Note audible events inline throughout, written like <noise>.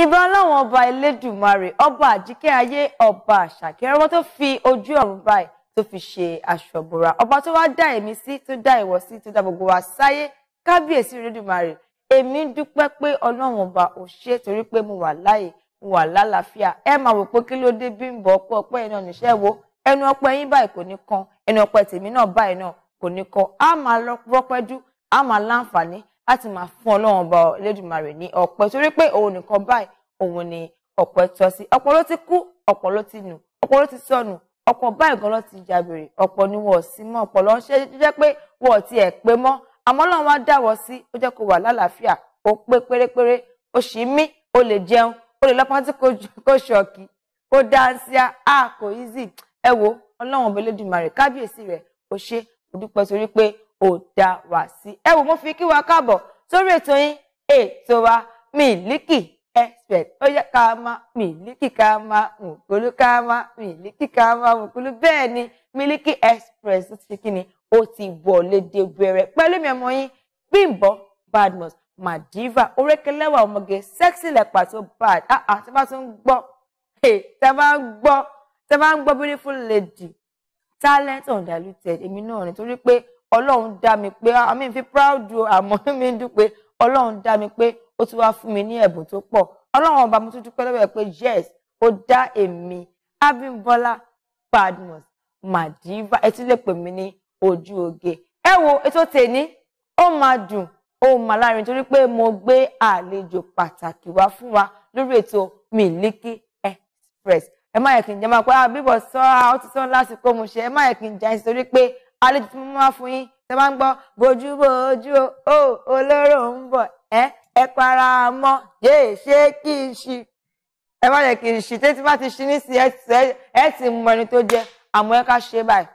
ìbà ọlọ́run ọba elédùmarè ọba àjíkẹ́ ayé ọba àṣàkẹ́ ọba tó fi ojú ọ̀run báyìí tó fi ṣe aṣọ ìbora ọba tó wá dá èmi sí tó dá ìwọ sí tó dá gbogbo wa sáyé kábíyèsí elédùmarè èmi ń dúpẹ́ pé ọlọ́run ọba ò ṣe torí pé mo wà láàyè mo wà lálàáfíà ẹ máa wò pé kí ló dé bí ń bọ̀ ọpẹ́ ọpẹ́ yìí náà níṣẹ́ wo ẹnu ọpẹ́ yín báyìí kò ní kan ẹnu ọpẹ́ tèmi náà báyìí náà kò ní láti máa fún ọlọ́run ọba Elédùmarè ní ọpẹ́ torí pé òun nìkan báyìí òun ni ọpẹ́ tọ́ sí ọ̀pọ̀ ló ti kú ọ̀pọ̀ ló ti nù ọ̀pọ̀ ló ti sọnù ọ̀pọ̀ báyìí gan ló ti jàbèrè ọ̀pọ̀ ni wọn ò sí mọ́ ọ̀pọ̀ ló ń ṣe jẹ́ pé wọn ò tiẹ̀ pé mọ́ àmọ́ Ọlọ́run wá dáwọ́ sí ó jẹ́ kó wà lálàáfíà ó pé pérépéré ó sì mí ó lè jẹun ó lè lọ pátí <laughs> a kò easy ẹ wo Ọlọ́run ọba Elédùmarè kábíyèsí rẹ̀ ó ó dá wa sí. ẹ wò mo fi kí wa káàbọ̀ sórí ètò yín ètò wa Miliki Express ó yẹ ká máa Miliki ká máa mùkúlù ká máa Miliki ká máa mùkúlù bẹ́ẹ̀ ni Miliki Express ó ti kí ni ó ti wọlé dé bẹ̀rẹ̀ pẹ̀lú mi ọmọ yín Bímbọ́ Badmus madiva orékelẹ́wà ọmọge sexy lẹ́pà tó bad àà ah, ah, tí bá tún ń gbọ́ tẹ bá ń gbọ́ tẹ bá ń gbọ́ beautiful lady talent undiluted èmi náà nítorí pé ọlọ́run dá mi pé àmì fi proud o àmọ́ <laughs> mi ń dúpẹ́ ọlọ́run dá mi pé ó ti wá fún mi ní ẹ̀bùn tó pọ̀ ọlọ́run ọba mo tún dúpẹ́ lọ́wọ́ ẹ̀ pé yes ó dá èmi Abímbọ́lá Badmus Madiva ẹ ti lè pè mí ní ojú oge ẹ wo ètò tèmi ó máa dùn ó máa lárin torí pé mo gbé àlejò pàtàkì wá fún wa lórí ètò Miliki Express ẹ má yẹ kí n jẹ máa pẹ́ àbíbọ̀ ah, sọ́ra ó ti sọ́n lásìkò mo ṣe ẹ má yẹ kí n jẹ́ nítorí pé àlejò tí mo máa fún yín tẹ bá ń gbọ́ bójú bójú o olóró ń bọ̀ ẹ ẹ para mọ́ yé ṣé kí n ṣi ẹ má yẹ kí n ṣi tẹ́tí bá ti ṣi nísìnyí ẹ ti mọ ẹni tó jẹ àmọ́ ẹ ká ṣe báyìí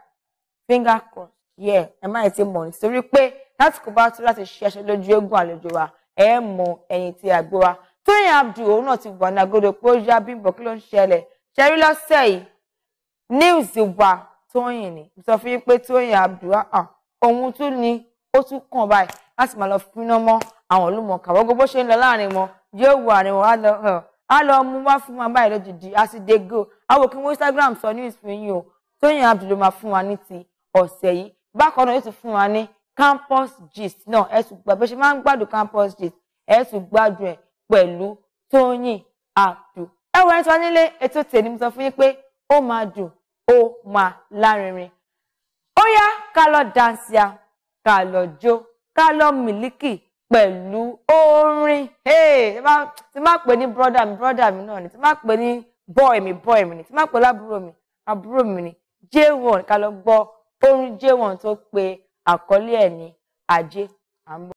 finger cross yẹ ẹ má yẹ ti mọ̀ nítorí pé láti kó bá tó láti ṣe ẹṣẹ lójú eégún àlejò wa ẹ mọ ẹyin tí a gbé wa Tóyìn Abdul òun náà ti wà ní agodo pé ó yá Bímbọ́ kí ló ń ṣẹlẹ̀ ṣẹrí lọ́sẹ̀ yìí news wa tóyìn ni mo sọ fún yín pé tóyìn abdulwa òun tún ni ó tún kàn báyìí láti máa lọ finá mọ àwọn olùmọ̀ọ́kà wọ́n gbogbo ṣe ń lọ láàrin wọn yóò wọ àárín wọn á lọ mú wá fún wa báyìí lójijì á sì dé go àwọn òkè wọn Instagram sọ news fún yín o tóyìn abdul ló máa fún wa ní ti ọ̀sẹ̀ yìí bákan náà yóò tún fún wa ní campus gist náà ẹ tún gbà bó ṣe máa ń gbádùn campus gist ẹ tún gbádùn ẹ pẹ̀lú tóyìn abdul ẹ wọ ẹ tí wọn nílé ètò tèmi sọ fún yín pé ó máa dùn ó máa lárinrin ó yá ká lọ dansia ká lọ jó ká lọ mílíkì pẹ̀lú orin tí má pè ní brọ́dà mi brọ́dà mi náà ni tí má pè ní bọ́ọ̀ mi bọ́ọ̀ mi ni tí má pè lábúrò mi àbúrò mi ni J1 ká lọ gbọ́ orin J1 tó pe àkọlé ẹ̀ ní ajé